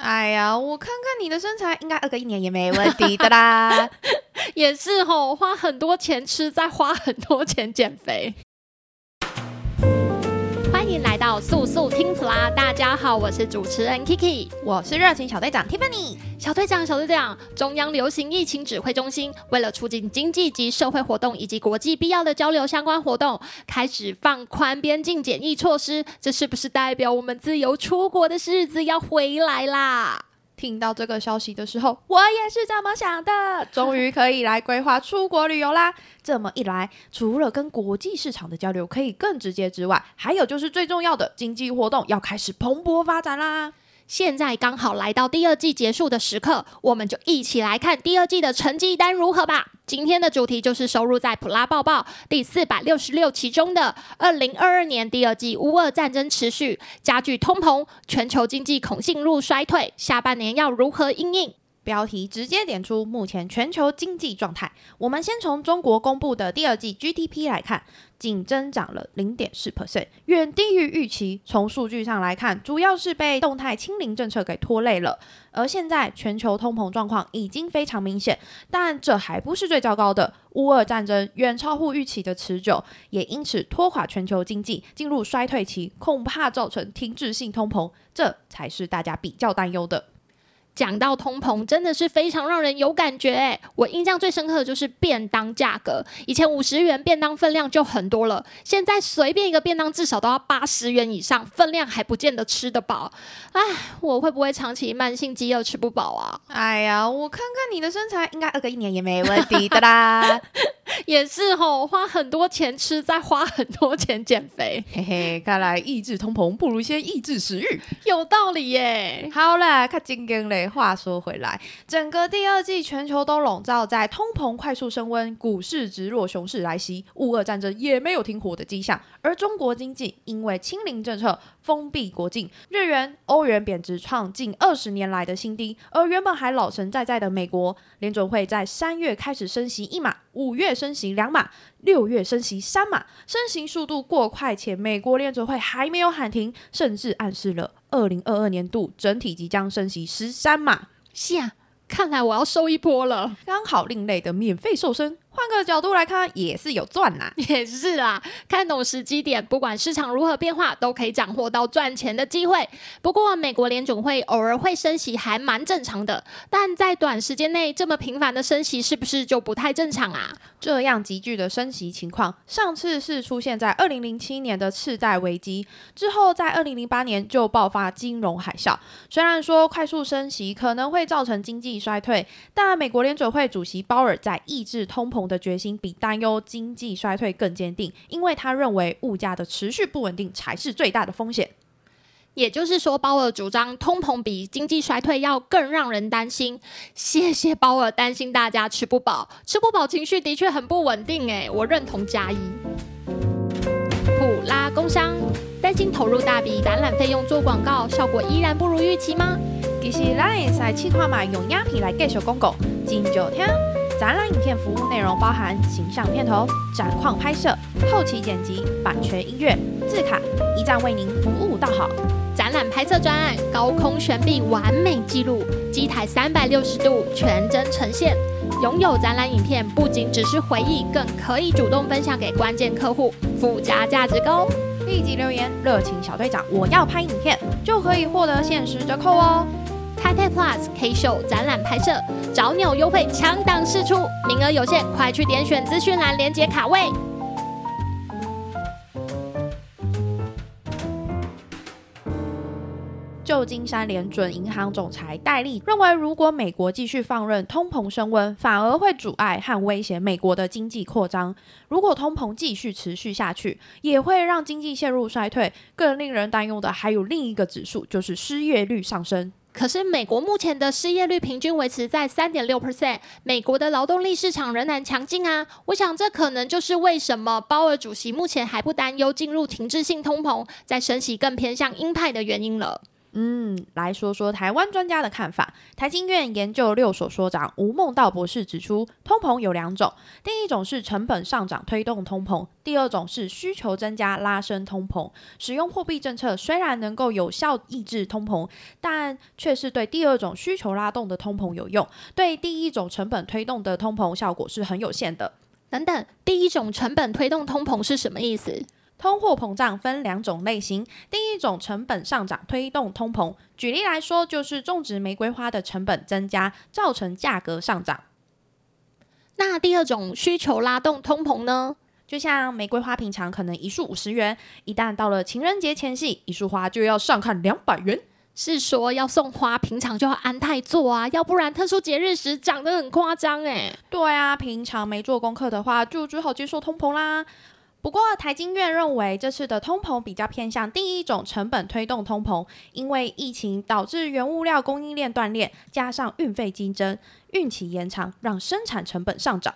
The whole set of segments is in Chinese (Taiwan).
哎呀，我看看你的身材，應該餓個一年也沒問題的啦。 也是吼，花很多錢吃，再花很多錢減肥。迎來到速速聽普啦！大家好，我是主持人 Kiki，我是熱情小隊長 Tiffany。小隊長，小隊長！中央流行疫情指揮中心為了促進經濟及社會活動以及國際必要的交流相關活動，開始放寬邊境檢疫措施。這是不是代表我們自由出國的日子要回來啦？聽到這個消息的時候，我也是這麼想的。終於可以來規劃出國旅遊啦！是這麼一來，除了跟國際市場的交流可以更直接之外，還有就是最重要的經濟活動要開始蓬勃發展啦。現在剛好來到第二季結束的時刻，我們就一起來看第二季的成績單如何吧。今天的主題就是收入在普拉抱報第四百六十六期中的二零二二年第二季烏俄戰爭持續，加劇通膨，全球經濟恐陷入衰退，下半年要如何因應？標題直接點出目前全球經濟狀態。我們先從中國公佈的第二季 GDP 來看，僅增長了零點四 percent，遠低於預期。從數據上來看，主要是被動態清零政策給拖累了。而現在全球通膨狀況已經非常明顯，但這還不是最糟糕的。烏俄戰爭遠超乎預期的持久，也因此拖垮全球經濟，進入衰退期，恐怕造成停滯性通膨，這才是大家比較擔憂的。講到通膨，真的是非常讓人有感覺誒！我印象最深刻的就是便當價格，以前五十元便當分量就很多了，現在隨便一個便當至少都要八十元以上，分量還不見得吃得飽。唉，我會不會長期慢性飢餓吃不飽啊？哎呀，我看看你的身材，應該餓個一年也沒問題的啦。 也是吼，花很多錢吃，再花很多錢減肥，嘿嘿，看來抑制通膨不如先抑制食欲，有道理耶。好啦，看金更嘞。話說回來，整個第二季全球都籠罩在通膨快速升溫、股市直落、熊市來襲、烏俄戰爭也沒有停火的跡象，而中國經濟因為清零政策。封閉國境，日元、歐元貶值創近二十年來的新低，而原本還老神在在的美國聯準會在三月開始升息一碼，五月升息兩碼，六月升息三碼，升息速度過快，且美國聯準會還沒有喊停，甚至暗示了二零二二年度整體即將升息十三碼。是啊，看來我要收一波了，剛好另類的免費瘦身。換個角度來看，也是有賺吶、啊，也是啊。看懂時機點，不管市場如何變化，都可以掌握到賺錢的機會。不過，美國聯準會偶爾會升息，還蠻正常的。但在短時間內這麼頻繁的升息，是不是就不太正常啊？這樣急劇的升息情況，上次是出現在二零零七年的次貸危機之後，在二零零八年就爆發金融海嘯。雖然說快速升息可能會造成經濟衰退，但美國聯準會主席鮑爾在抑制通膨。的決心比擔憂經濟衰退更堅定，因為他認為物價的持續不穩定才是最大的風險。也就是說，鮑爾主張通膨比經濟衰退要更讓人擔心。謝謝鮑爾擔心大家吃不飽，吃不飽情緒的確很不穩定。誒，我認同加一。普拉工商擔心投入大筆展覽費用做廣告效果依然不如預期嗎？其實咱可以切換嘛，用樣品來介紹廣告，真就聽。展覽影片服務內容包含形象片頭、展況拍攝、後期剪輯、版權音樂、字卡，一站為您服務到好。展覽拍攝專案，高空懸臂完美記錄，機台三百六十度全真呈現。擁有展覽影片，不僅只是回憶，更可以主動分享給關鍵客戶，附加價值高。立即留言，熱情小隊長，我要拍影片，就可以獲得限時折扣哦。台北 plus K 秀展覽拍攝，找鳥優惠搶檔釋出，名額有限，快去點選資訊欄連接卡位。舊金山聯準銀行總裁戴利認為，如果美國繼續放任通膨升溫，反而會阻礙和威脅美國的經濟擴張。如果通膨繼續持續下去，也會讓經濟陷入衰退。更令人擔憂的還有另一個指數，就是失業率上升。可是，美國目前的失業率平均維持在3.6%，美國的勞動力市場仍然強勁啊！我想，這可能就是為什麼鮑爾主席目前還不擔憂進入停滯性通膨，在升息更偏向鷹派的原因了。嗯，來說說台灣專家的看法。台經院研究六所所長吳孟道博士指出，通膨有兩種，第一種是成本上漲推動通膨，第二種是需求增加拉升通膨。使用貨幣政策雖然能夠有效抑制通膨，但卻是對第二種需求拉動的通膨有用，對第一種成本推動的通膨效果是很有限的。等等，第一種成本推動通膨是什麼意思？通貨膨脹分兩種類型，第一種成本上漲推動通膨，舉例來說就是種植玫瑰花的成本增加，造成價格上漲。那第二種需求拉動通膨呢？就像玫瑰花平常可能一束五十元，一旦到了情人節前夕，一束花就要上看兩百元。是說要送花平常就要安泰做啊，要不然特殊節日時漲得很誇張欸。對啊，平常沒做功課的話，就只好接受通膨啦。不過，台經院認為這次的通膨比較偏向第一種成本推動通膨，因為疫情導致原物料供應鏈斷裂，加上運費競爭，運期延長，讓生產成本上漲。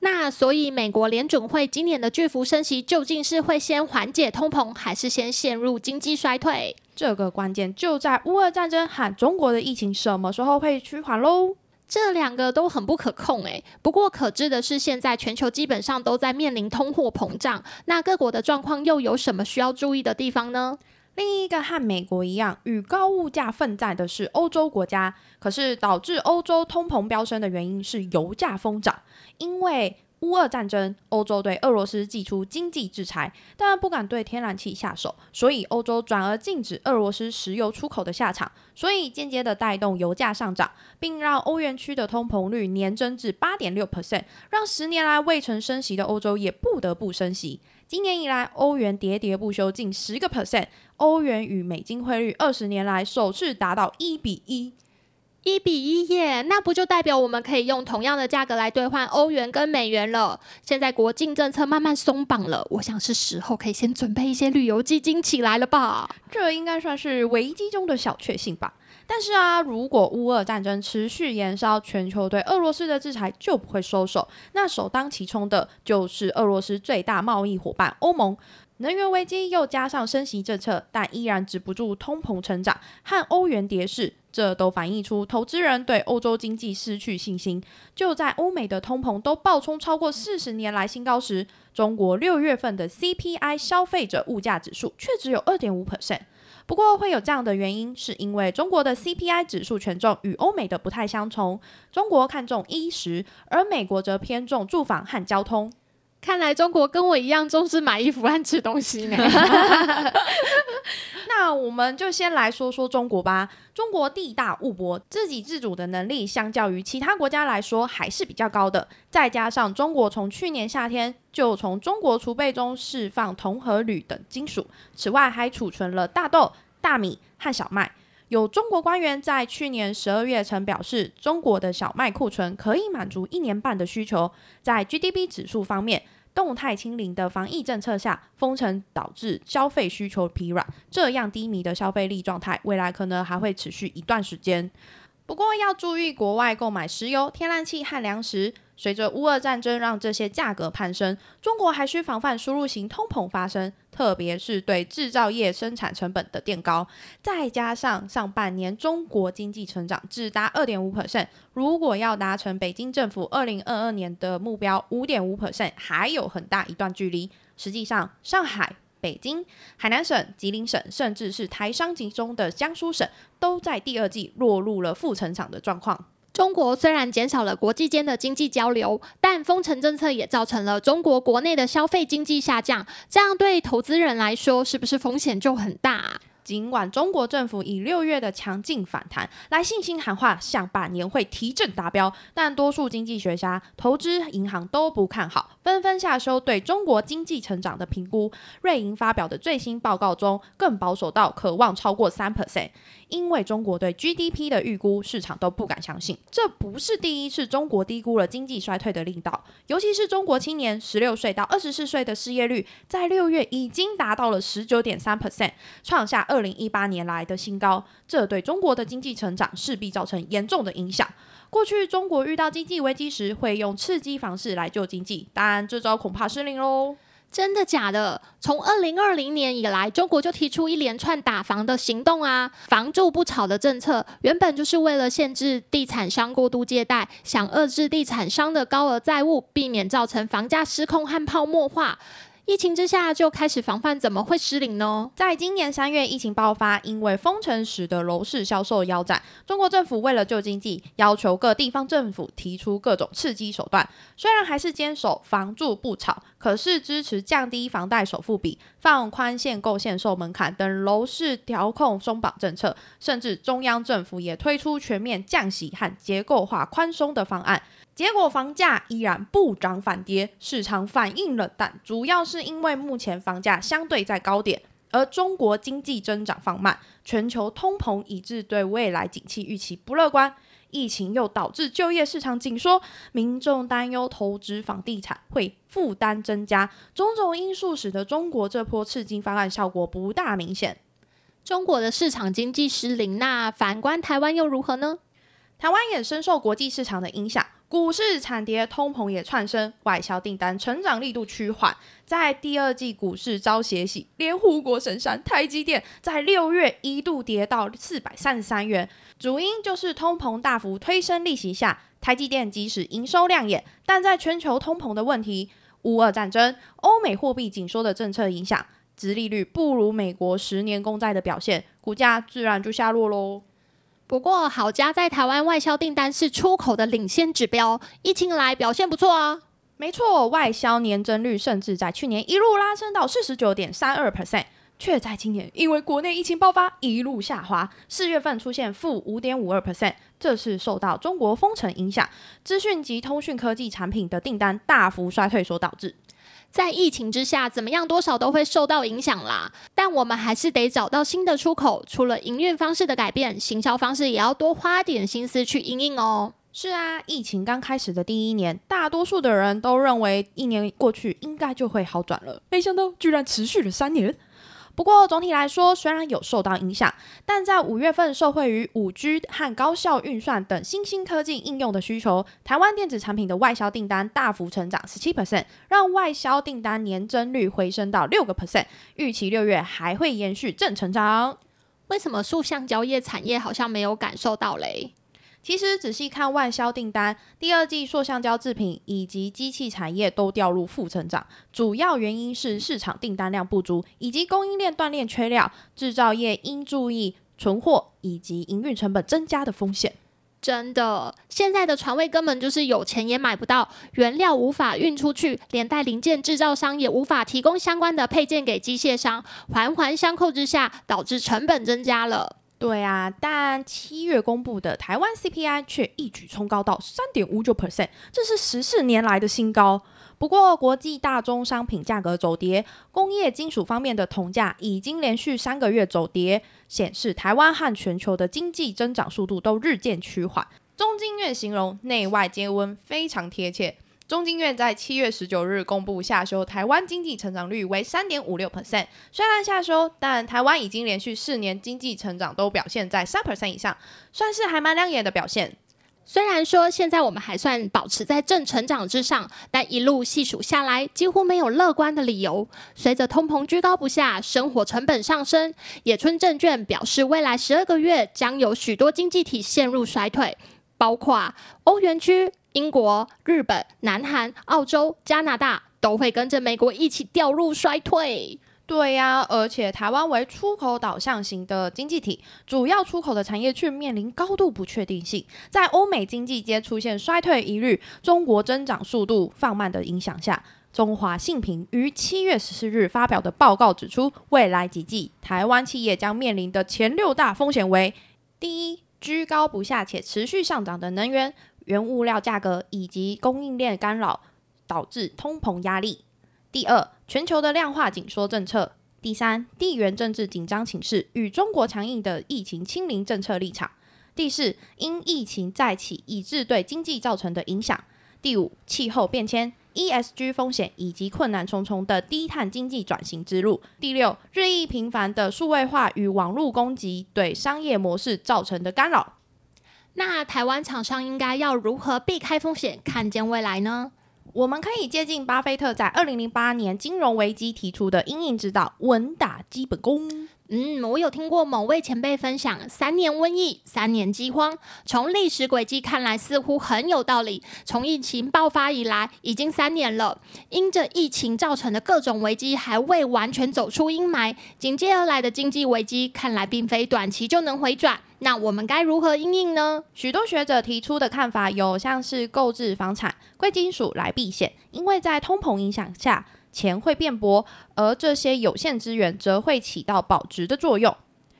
那所以，美國聯準會今年的巨幅升息究竟是會先緩解通膨，還是先陷入經濟衰退？這個關鍵就在烏俄戰爭和中國的疫情什麼時候會趨緩嘍？這兩個都很不可控哎、欸，不過可知的是，現在全球基本上都在面臨通貨膨脹。那各國的狀況又有什麼需要注意的地方呢？另一個和美國一樣，與高物價奮戰的是歐洲國家。可是導致歐洲通膨飆升的原因是油價瘋漲，因為，烏俄戰爭，歐洲對俄羅斯祭出經濟制裁，但不敢對天然氣下手，所以歐洲轉而禁止俄羅斯石油出口的下場，所以間接的帶動油價上漲，並讓歐元區的通膨率年增至八點六 percent，讓十年來未曾升息的歐洲也不得不升息。今年以來，歐元跌跌不休近十個 percent，歐元與美金匯率二十年來首次達到一比一。一比一耶，那不就代表我們可以用同樣的價格來兌換歐元跟美元了？現在國境政策慢慢鬆綁了，我想是時候可以先準備一些旅遊基金起來了吧？這應該算是危機中的小確幸吧。但是啊，如果烏俄戰爭持續延燒，全球對俄羅斯的制裁就不會收手，那首當其衝的就是俄羅斯最大貿易夥伴歐盟。能源危機又加上升息政策，但依然止不住通膨成長和歐元跌勢。這都反映出投資人對歐洲經濟失去信心。就在歐美的通膨都暴衝超過四十年來新高時，中國六月份的 CPI 消費者物價指數卻只有二點五 percent。不過會有這樣的原因，是因為中國的 CPI 指數權重與歐美的不太相同。中國看重衣食，而美國則偏重住房和交通。看來中國跟我一樣重視買衣服和吃東西呢。 那我們就先來說說中國吧。中國地大物博，自給自足的能力相較於其他國家來說還是比較高的。再加上中國從去年夏天就從中國儲備中釋放銅和鋁等金屬，此外還儲存了大豆、大米和小麥。有中國官員在去年十二月曾表示，中國的小麥庫存可以滿足一年半的需求。在 GDP 指數方面，動態清零的防疫政策下，封城導致消費需求疲軟，這樣低迷的消費力狀態，未來可能還會持續一段時間。不過要注意，國外購買石油、天然氣和糧食。隨着烏俄戰爭讓這些價格攀升，中國還需防範輸入型通膨发生，特別是對制造業生產成本的墊高。再加上上半年中國經濟成長只達二點五%，如果要達成北京政府二零二二年的目標五點五%，還有很大一段距離。實際上，上海、北京、海南省、吉林省，甚至是台商集中的江蘇省，都在第二季落入了負成長的狀況。中國雖然減少了國際間的經濟交流，但封城政策也造成了中國國內的消費經濟下降。這樣對投資人來說，是不是風險就很大啊？儘管中國政府以六月的強勁反彈來信心喊話，想把年會提振達標，但多數經濟學家、投資銀行都不看好，紛紛下修對中國經濟成長的評估。瑞銀發表的最新報告中，更保守到可望超過三 percent，因為中國對 GDP 的預估市場都不敢相信。這不是第一次中國低估了經濟衰退的力道，尤其是中國青年十六歲到二十四歲的失業率，在六月已經達到了十九點三 percent，創下二零一八年來的新高，這對中國的經濟成長勢必造成嚴重的影響。過去中國遇到經濟危機時，會用刺激方式來救經濟，但這招恐怕失靈嘍。真的假的？從二零二零年以來，中國就提出一連串打房的行動啊，房住不炒的政策原本就是為了限制地產商過度借貸，想遏制地產商的高額債務，避免造成房價失控和泡沫化。疫情之下就開始防範，怎麼會失靈呢？在今年三月疫情爆發，因為封城使得樓市銷售腰斬。中國政府為了救經濟，要求各地方政府提出各種刺激手段。雖然還是堅守“房住不炒”，可是支持降低房貸首付比、放寬限購限售門檻等樓市調控鬆綁政策，甚至中央政府也推出全面降息和結構化寬鬆的方案。結果房價依然不漲反跌，市場反應冷淡，但主要是因為目前房價相對在高點，而中國經濟增長放慢，全球通膨以致對未來景氣預期不樂觀，疫情又導致就業市場緊縮，民眾擔憂投資房地產會負擔增加，種種因素使得中國這波刺激方案效果不大明顯。中國的市場經濟失靈，那反觀台灣又如何呢？台灣也深受國際市場的影響。股市慘跌，通膨也竄升，外銷訂單成長力度趨緩，在第二季股市遭血洗，連護國神山台積電在六月一度跌到四百三十三元，主因就是通膨大幅推升利息下，台積電即使營收亮眼，但在全球通膨的問題、烏俄戰爭、歐美貨幣緊縮的政策影響，殖利率不如美國十年公債的表現，股價自然就下落嘍。不過，好家在臺灣外銷訂單是出口的領先指標，疫情來表現不錯啊。沒錯，外銷年增率甚至在去年一路拉升到四十九點三二 percent，卻在今年因為國內疫情爆發一路下滑，四月份出現負五點五二 percent，這是受到中國封城影響，資訊及通訊科技產品的訂單大幅衰退所導致。在疫情之下，怎麼樣多少都會受到影響啦。但我們還是得找到新的出口。除了營運方式的改變，行銷方式也要多花點心思去因應哦。是啊，疫情剛開始的第一年，大多數的人都認為一年過去應該就會好轉了，沒想到居然持續了三年。不過，總體來說，雖然有受到影響，但在五月份受惠於五 G 和高效運算等新興科技應用的需求，台灣電子產品的外銷訂單大幅成長十七 percent，讓外銷訂單年增率回升到六個 percent，預期六月還會延續正成長。為什麼塑橡膠業產業好像沒有感受到嘞？其實仔細看外銷訂單，第二季塑橡膠製品以及機器產業都掉入負成長，主要原因是市場訂單量不足以及供應鏈斷鏈缺料，製造業應注意存貨以及營運成本增加的風險。真的，現在的船位根本就是有錢也買不到，原料無法運出去，連帶零件製造商也無法提供相關的配件給機械商，環環相扣之下，導致成本增加了。對啊，但七月公布的台灣 CPI 卻一舉衝高到三點五九 percent，這是十四年來的新高。不過國際大宗商品價格走跌，工業金屬方面的銅價已經連續三個月走跌，顯示台灣和全球的經濟增長速度都日漸趨緩。中經院形容內外接溫非常貼切。中經院在七月十九日公布下修台灣經濟成長率為三點五六 percent，雖然下修，但台灣已經連續四年經濟成長都表現在三 percent 以上，算是還蠻亮眼的表現。雖然說現在我們還算保持在正成長之上，但一路細數下來，幾乎沒有樂觀的理由。隨着通膨居高不下，生活成本上升，野村證券表示，未來十二個月將有許多經濟體陷入衰退，包括歐元區。英國、日本、南韓、澳洲、加拿大都會跟着美國一起掉入衰退。對呀、啊，而且台灣為出口導向型的經濟體，主要出口的產業卻面臨高度不確定性。在歐美經濟皆出現衰退疑慮、中國增長速度放慢的影響下，中華信評於七月十四日發表的報告指出，未來幾季台灣企業將面臨的前六大風險為：第一，居高不下且持續上漲的能源。原物料價格以及供應鏈干擾導致通膨壓力。第二，全球的量化緊縮政策。第三，地緣政治緊張情勢與中國強硬的疫情清零政策立場。第四，因疫情再起以致對經濟造成的影響。第五，氣候變遷、ESG 風險以及困難重重的低碳經濟轉型之路。第六，日益頻繁的數位化與網絡攻擊對商業模式造成的干擾。那台灣廠商應該要如何避開風險，看見未來呢？我們可以借鏡巴菲特在二零零八年金融危機提出的“因應之道”，穩打基本功。嗯，我有聽過某位前輩分享：“三年瘟疫，三年饑荒。”從歷史軌跡看來，似乎很有道理。從疫情爆發以來，已經三年了，因著疫情造成的各種危機還未完全走出陰霾，緊接而來的經濟危機看來並非短期就能回轉。那我們該如何因應呢？許多學者提出的看法有像是購置房產、貴金屬來避險，因為在通膨影響下，錢會變薄，而這些有限資源則會起到保值的作用。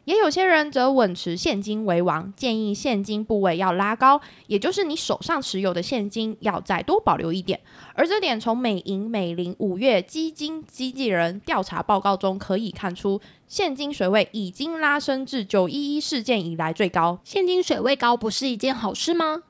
也有些人則穩持現金為王，建議現金部位要拉高，也就是你手上持有的現金要再多保留一點。而這點從美銀美林五月基金經紀人調查報告中可以看出，現金水位已經拉升至九一一事件以來最高。現金水位高不是一件好事嗎？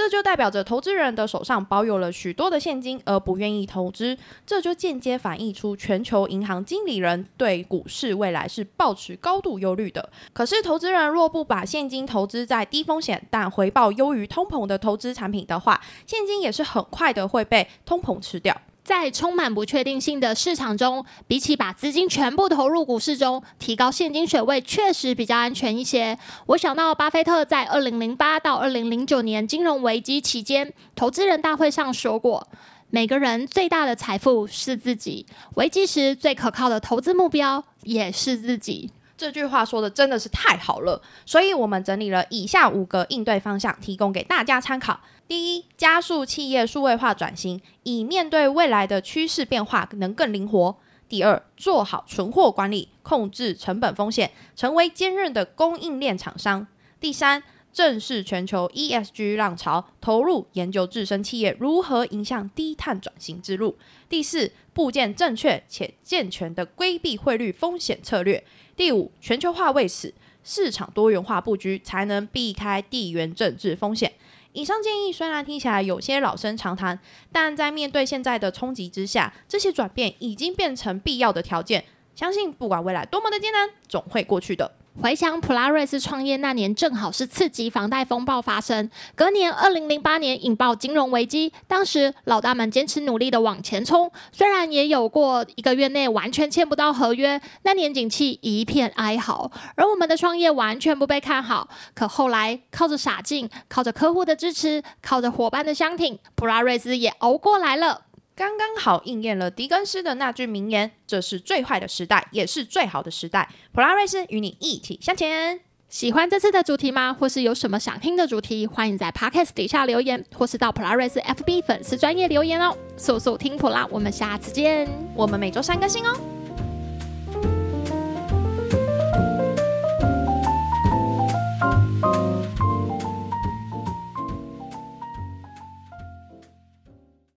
這就代表着投資人的手上保有了許多的現金，而不願意投資，這就間接反映出全球銀行經理人對股市未來是抱持高度憂慮的。可是，投資人若不把現金投資在低風險但回報優於通膨的投資產品的話，現金也是很快的會被通膨吃掉。在充滿不確定性的市場中，比起把資金全部投入股市中，提高現金水位確實比較安全一些。我想到巴菲特在二零零八到二零零九年金融危機期間投資人大會上說過：“每個人最大的財富是自己，危機時最可靠的投資目標也是自己。”這句話說的真的是太好了，所以我們整理了以下五個應對方向，提供給大家參考：第一，加速企業數位化轉型，以面對未來的趨勢變化能更靈活；第二，做好存貨管理，控制成本風險，成為堅韌的供應鏈廠商；第三，正視全球 ESG 浪潮，投入研究自身企業如何迎向低碳轉型之路；第四，構建正確且健全的規避匯率風險策略。第五，全球化為此市場多元化布局，才能避開地緣政治風險。以上建議雖然聽起來有些老生常談，但在面對現在的衝擊之下，這些轉變已經變成必要的條件。相信不管未來多麼的艱難，總會過去的。回想普拉瑞斯創業那年，正好是次級房貸風暴發生，隔年二零零八年引爆金融危機。當時老大們堅持努力的往前衝，雖然也有過一個月內完全簽不到合約，那年景氣一片哀嚎，而我們的創業完全不被看好。可後來靠着傻勁，靠着客戶的支持，靠着夥伴的相挺，普拉瑞斯也熬過來了。剛剛好應驗了狄更斯的那句名言：“這是最壞的時代，也是最好的時代。”普拉瑞斯與你一起向前。喜歡這次的主題嗎？或是有什麼想聽的主題？歡迎在 Podcast 底下留言，或是到普拉瑞斯 FB 粉絲專頁留言哦。速速聽普拉，我們下次見。我們每周三更新哦。